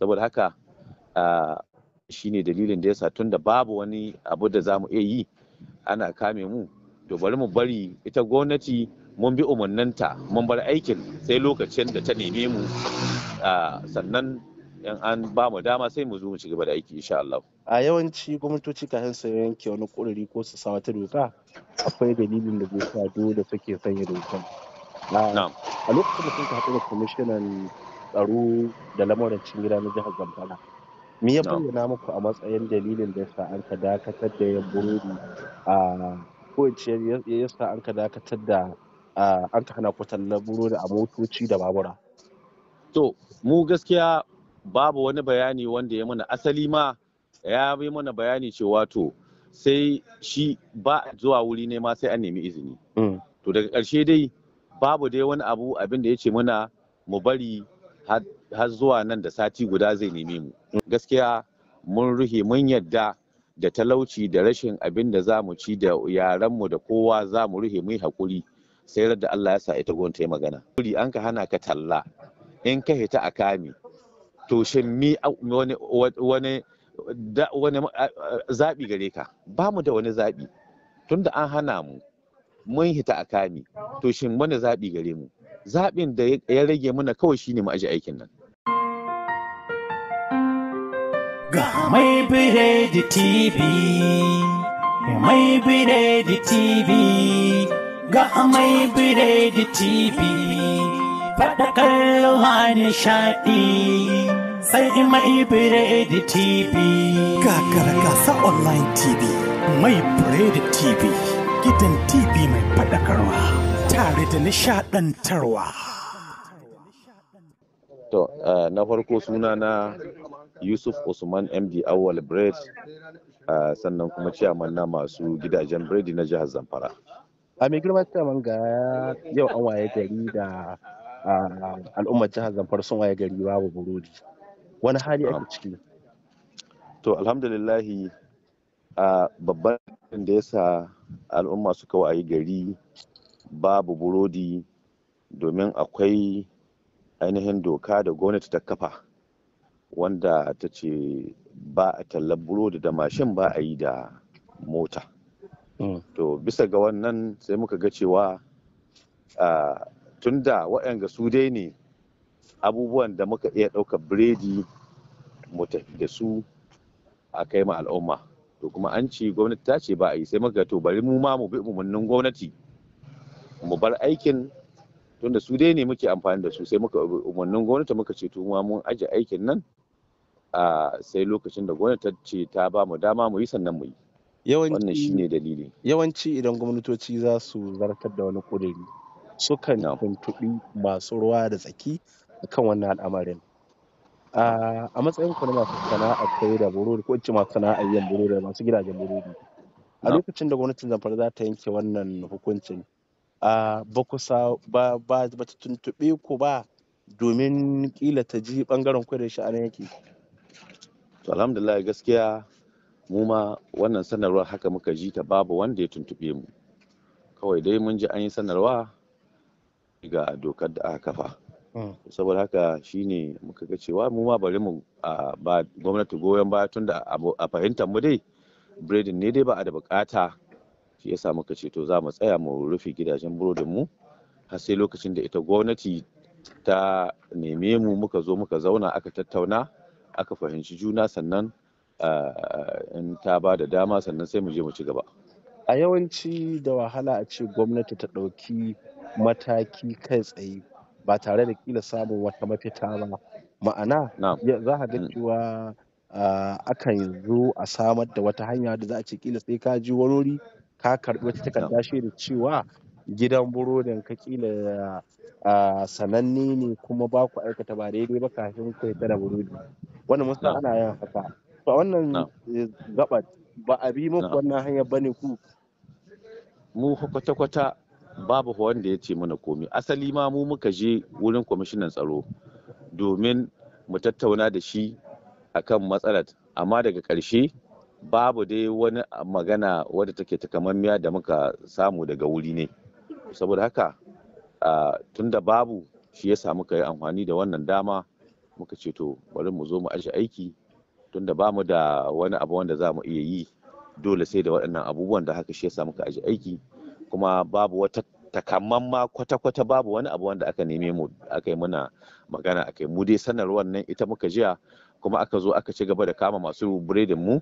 saboda haka shi ne dalilin da ya sa tun da babu wani abu da za mu iya yi ana kame mu to bari mu bari ita gwamnati mun bi umarninta mun bar aikin sai lokacin da ta neme mu sannan in an ba mu dama sai mu zo mu ci gaba da aiki insha Allah. A yawanci gwamnatoci kayan su yanke wani ƙorari ko su sa wata doka akwai dalilin da zai sa dole suke sanya dokan. A lokacin da sun haɗu da kwamishinan tsaro da lamarin cikin gida na jihar zamfara me ya bayyana muku a matsayin dalilin da yasa an ka dakatar da yan burodi a ko yasa an ka dakatar da an ka hana ku tallar burodi a motoci da babura to mu gaskiya babu wani bayani wanda ya mana asali ma ya yi mana bayani cewa to sai shi ba zuwa wuri ne ma sai an nemi izini mm. to daga ƙarshe dai babu dai wani abu abin da ya ce mana mu bari har zuwa nan da sati guda zai neme mu gaskiya mun ruhe mun yadda da talauci da rashin abin da za mu ci da yaranmu da kowa za mu ruhe mu haƙuri sai da Allah ya sa ita gwamnati ta yi magana. Kuri an ka hana ka talla in ka hita a kame to shin mi wani zaɓi gare ka ba mu da wani zaɓi tunda an hana mu mun hita a kame to shin wani zaɓi gare mu zaɓin da ya rage mana kawai shi ne ma'aji aikin nan ga mai biredi tv mai biredi tv ga mai biredi tv faɗakar ruwa nishaɗi sai mai biredi tv kakara gasa online tv mai biredi tv gidan tv mai faɗakarwa tare da nishadantarwa. To, eh, na farko suna na Yusuf Usman MD Awal Bread, uh, sannan kuma ciyaman na masu gidajen biredi na jihar Zamfara. A mai girma ciyaman ga yau an waye gari da ah, al'ummar jihar Zamfara sun waye gari babu burodi. Wani hali ake ciki? To, alhamdulillahi uh, ah, babban da ya sa al'umma suka waye gari babu burodi domin akwai ainihin doka da gwamnati ta kafa wanda ta ce ba a tallar burodi da mashin ba a yi da mota hmm. to bisa ga wannan sai muka ga cewa tun da waɗanda su dai ne abubuwan da muka iya ɗauka biredi mu tafi da su a kai ma al'umma to kuma an ce gwamnati ta ce ba a yi sai muka to bari mu ma mu bi umarnin gwamnati mu bar aikin tunda su dai ne muke amfani da su sai muka umarnin gwamnati muka ce tuma mun aje aikin nan a sai lokacin da gwamnati ce ta ba mu dama mu yi sannan mu yi wannan shine dalili yawanci idan gwamnatoci za su zartar da wani kudiri sukan tuntuɓi masu ruwa da tsaki kan wannan al'amarin a matsayin ku na masu sana'a kai da burodi ko ci masu sana'a yin burodi masu gidajen burodi a lokacin da gwamnatin zamfara za ta yanke wannan hukuncin a ku ba ba ba ta tuntuɓe ku ba domin kila ta ji bangaren ku da sha'anin yake to alhamdulillah gaskiya mu ma wannan sanarwar haka muka ji ta babu wanda ya tuntuɓe mu kawai dai mun ji an yi sanarwa ga dokar da aka kafa hmm. saboda haka shine muka ga cewa mu ma bari mu ba gwamnati goyon baya tun da a fahimtar mu dai biredin ne dai ba a da bukata shi yasa muka ce to za mu tsaya mu rufe gidajen burodin mu har sai lokacin da ita gwamnati ta neme mu muka zo muka zauna aka tattauna aka fahimci juna sannan eh, in ta ba da dama sannan sai mu je mu ci gaba a yawanci da wahala a ce gwamnati ta ɗauki mataki kai tsaye ba tare da kila samun wata mafita ba ma'ana za a ga mm. cewa eh, akan zo a samar da wata hanya da za a ce kila sai ka ji warori ka karɓi wata takarda shaida cewa gidan burodin ka kila sananne ne kuma ba ku aikata ba daidai ba kafin ku yi da burodi wannan musu ana yin haka to wannan gabat ba a bi muku wannan hanyar ba ne ku mu kwata-kwata babu wanda ya ce mana komi asali ma mu muka je wurin kwamishinan tsaro domin mu tattauna da shi akan matsalar amma daga ƙarshe babu dai wani magana wadda take takamammiya da muka samu daga wuri ne saboda haka tun da babu shi ya samu ka yi amfani da wannan dama muka ce to bari mu zo mu aji aiki tun da bamu da wani abu wanda za mu iya yi dole sai da waɗannan abubuwan da haka shi ya samu ka aji aiki kuma babu wata takamman kwata-kwata babu wani abu wanda aka neme mu aka yi muna magana aka yi mu dai sanarwar nan ita muka jiya kuma aka zo aka ci gaba da kama masu biredin mu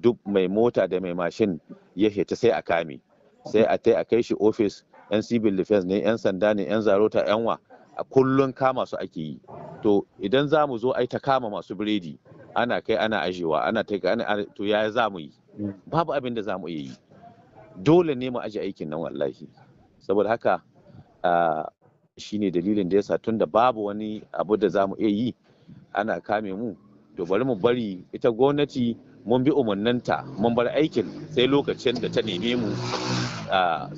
duk mai mota da mai mashin ya heta sai a kame sai a tai a kai shi ofis yan civil defense ne yan sanda ne yan zarota yan wa a kullun kama su ake yi to idan za mu zo ai ta kama masu biredi ana kai ana ajewa ana ta to yaya za mu yi babu abin da za mu yi dole ne mu aje aikin nan wallahi saboda haka shine dalilin da yasa tun da babu wani abu da za mu iya yi ana kame mu to bari mu bari ita gwamnati mun bi umarninta mun bar aikin sai lokacin da ta neme mu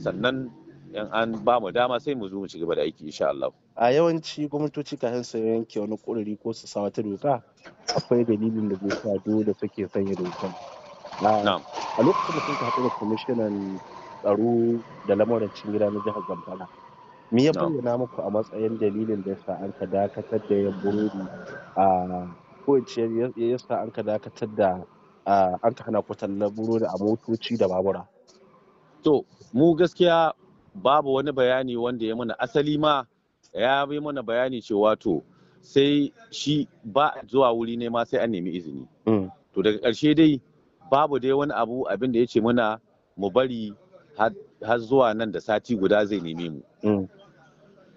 sannan in an ba mu dama sai mu zo mu cigaba da aiki insha Allah. A yawanci gwamnatoci ka su yanke wani ƙuduri ko su sa wata doka akwai dalilin da zai sa dole suke sanya dokan. A lokacin da sun ka da kwamishinan tsaro da lamarin cin gida na jihar Zamfara. Me ya bayyana muku a matsayin dalilin da yasa an ka dakatar da yan burodi a ko ya sa an ka dakatar da Ah, an ta hana na burodi a motoci da babura to mu gaskiya babu wani bayani wanda ya mana asali ma ya bi mana bayani cewa to sai shi ba zuwa wuri ne ma sai an nemi izini mm. to daga ƙarshe dai babu dai wani abu abin da ya ce mana mu bari har zuwa nan da sati guda zai neme mu mm.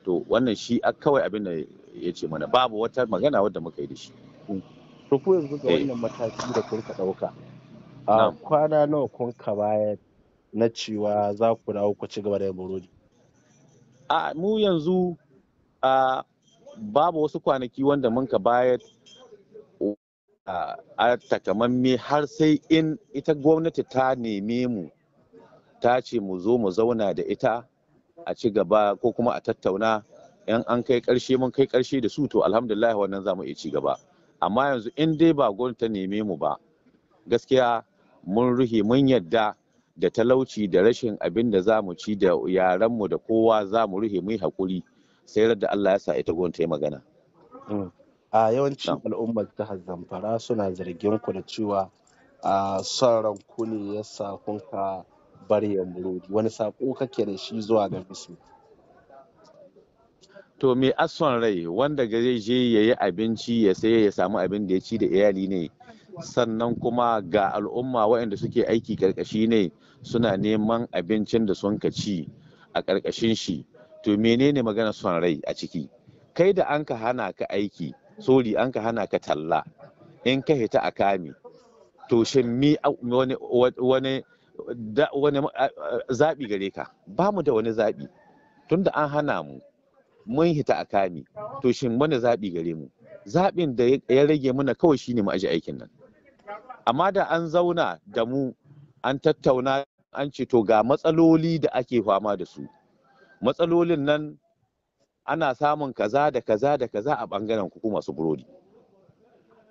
to wannan shi kawai abin da ya ce mana babu wata magana wadda muka yi da shi mm. to ko yanzu ga eh. wannan mataki da kun ka ɗauka a kwana nawa kun ka bayar na cewa za ku dawo ku ci gaba da burodi a mu yanzu a babu wasu kwanaki wanda mun ka bayar a takamamme har sai in ita gwamnati ta neme mu ta ce mu zo mu zauna da ita a ci gaba ko kuma a tattauna in an kai karshe mun kai karshe da su to alhamdulillah wannan za mu iya ci gaba amma yanzu in dai ba gwamnati ta neme mu ba gaskiya mun ruhi mun yadda da talauci da rashin abin da za mu ci da yaranmu da kowa za mu ruhe mu yi haƙuri sai da Allah ya sa ita gwamnati ya magana. Mm. A yawancin al'ummar ta Zamfara suna zargin ku da cewa a son kuni ne ya sa kun ka bar wani saƙo kake da shi zuwa ga su. to me ason rai wanda gare je ya yi abinci ya sai ya samu abin da ya ci da iyali ne sannan kuma ga al'umma waɗanda suke aiki karkashi ne suna neman abincin da sun ka ci a karkashin shi to menene magana son rai a ciki kai da an ka hana ka aiki sori an ka hana ka talla in ka hita a kami to shin mi wani zaɓi gare ka ba mu da wani zaɓi tunda an hana mu mun hita a kame to shin wani zaɓi gare mu zaɓin da ya rage mana kawai shine mu aji aikin nan amma da an zauna da mu an tattauna an ce to ga matsaloli da ake fama da su matsalolin nan ana samun kaza da kaza da kaza a ɓangaren ku masu burodi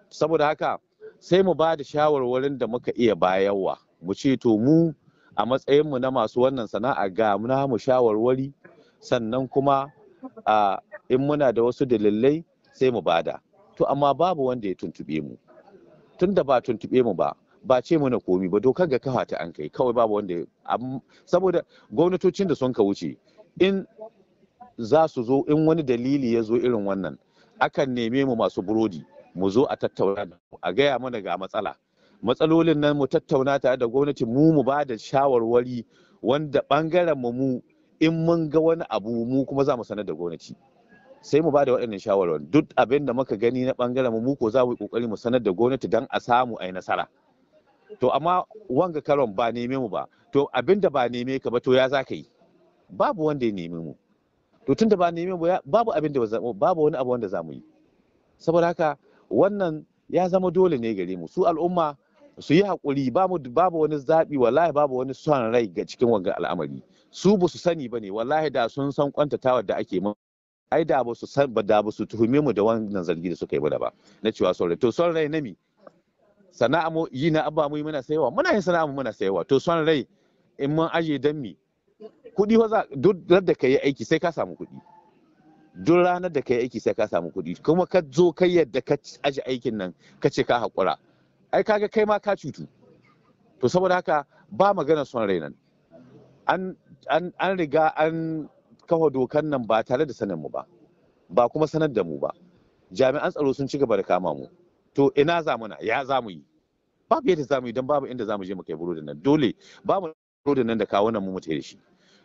saboda haka sai mu ba da shawarwarin da muka iya bayarwa mu ce to mu a matsayinmu na masu wannan sana'a ga na mu shawarwari sannan kuma a in muna da wasu dalilai sai mu bada to amma babu wanda ya tuntube mu tun ba tuntuɓe mu ba ba ce mana komi ba dokar ga kafa ta an kai kawai babu wanda saboda gwamnatocin da sun ka wuce in za su zo in wani dalili ya zo irin wannan akan neme mu masu burodi mu zo a tattauna a gaya mana ga matsala matsalolin nan mu tattauna tare da gwamnati mu mu ba da shawarwari wanda bangaren mu mu in mun ga wani abu mu kuma za mu sanar da gwamnati sai mu ba da waɗannan shawarwar duk abin da muka gani na ɓangaren mu ko za mu yi ƙoƙari mu sanar da gwamnati don a samu a yi nasara to amma wanga karon ba neme mu ba to abin da ba neme ka ba to ya za yi babu wanda ya neme mu to tun da ba neme mu babu abin da babu wani abu wanda za mu yi saboda haka wannan ya zama dole ne gare mu su al'umma su yi haƙuri babu wani zaɓi wallahi babu wani son rai ga cikin wanga al'amari su ba su sani ba ne wallahi da sun san kwantatawa da ake mun ai da ba su san da ba su tuhume mu da wannan zargi da suka yi da ba na cewa son rai to son rai na mi sana'a mu yi na abba mu muna sayawa muna yin sana'a mu muna sayawa to son rai in mun aje dan mi kuɗi fa za duk da ka yi aiki sai ka samu kuɗi duk ranar da ka yi aiki sai ka samu kuɗi kuma ka zo kai yadda ka aje aikin nan ka ce ka haƙura ai kaga kai ma ka cutu to saboda haka ba magana son rai nan an riga an kafa dokan nan ba tare da sanin mu ba ba kuma sanar da mu ba jami'an tsaro sun ci gaba da kama mu to ina za mu na, ya za mu yi babu yadda mu yi don babu inda za mu je mu kai burodin nan dole ba mu burodin nan da kawo nan mu mutu da shi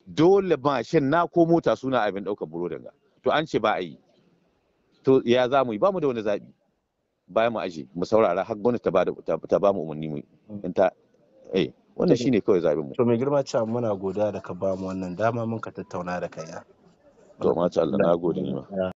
dole mashin na ko mota suna abin daukar burodin ga to an ce ba a yi to ya za mu yi ba mu da wani zaɓi. baya mu aji mu saurara har gwamnati ta ba ta ba mu umarni mu in ta eh wannan shine kawai zaben mu to mai girma cewa muna goda da ka ba mu wannan dama mun ka tattauna da kai to ma Allah na gode ni ma